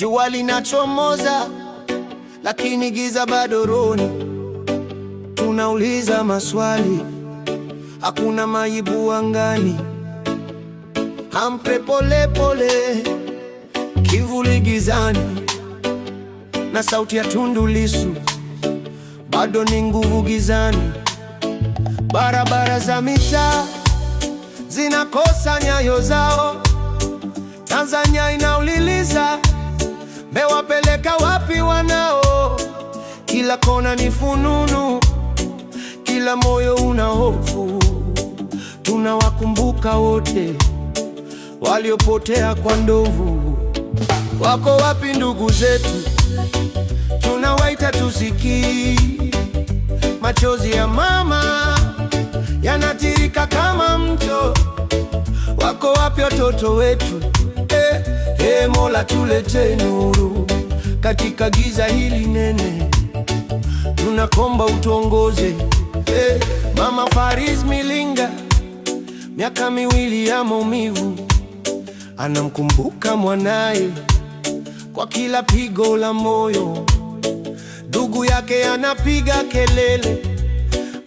Jua linachomoza lakini giza bado roni. Tunauliza maswali, hakuna majibu angani. Hampe pole kivuli gizani, na sauti ya Tundu Lissu bado ni nguvu gizani. Barabara za mitaa zinakosa nyayo zao, Tanzania inauliliza kila kona ni fununu, kila moyo una hofu. Tunawakumbuka wote waliopotea kwa ndovu. Wako wapi ndugu zetu? Tunawaita tusikii. Machozi ya mama yanatirika kama mto. Wako wapi watoto wetu? Eh, eh, Mola tuletee nuru katika giza hili nene tunakomba utuongoze. Hey, eh, Mama Faris Milinga, miaka miwili ya maumivu, anamkumbuka mwanaye kwa kila pigo la moyo. Ndugu yake anapiga kelele,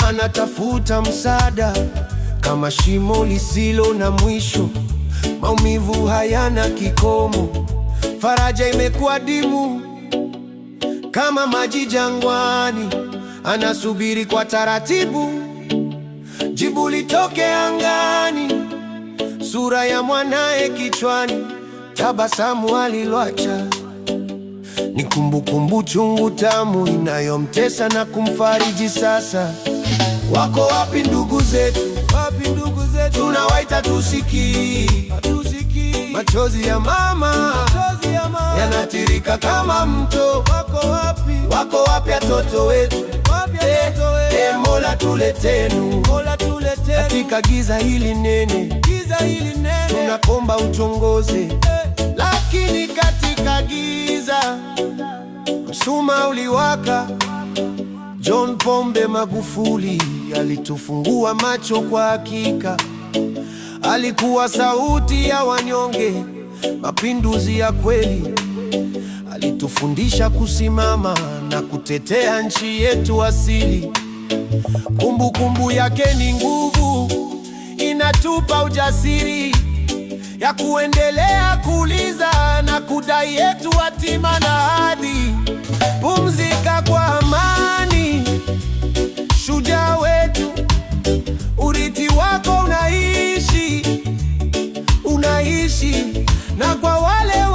anatafuta msaada kama shimo lisilo na mwisho. Maumivu hayana kikomo, faraja imekuwa dimu kama maji jangwani, anasubiri kwa taratibu, jibu litoke angani, sura ya mwanaye kichwani, tabasamu aliloacha ni kumbukumbu chungu tamu inayomtesa na kumfariji sasa. Wako wapi ndugu zetu? Wapi ndugu zetu? Tunawaita tusikii, machozi ya mama yanatirika kama mto watoto wetu eh, eh, Mola tuletenu katika giza hili nene, tunakomba utongoze, eh. lakini katika giza msuma uliwaka. John Pombe Magufuli alitufungua macho kwa hakika, alikuwa sauti ya wanyonge, mapinduzi ya kweli alitufundisha kusimama na kutetea nchi yetu asili. Kumbukumbu kumbu yake ni nguvu, inatupa ujasiri ya kuendelea kuuliza na kudai yetu hatima na hadhi. Pumzika kwa amani, shujaa wetu, urithi wako unaishi, unaishi na kwa wale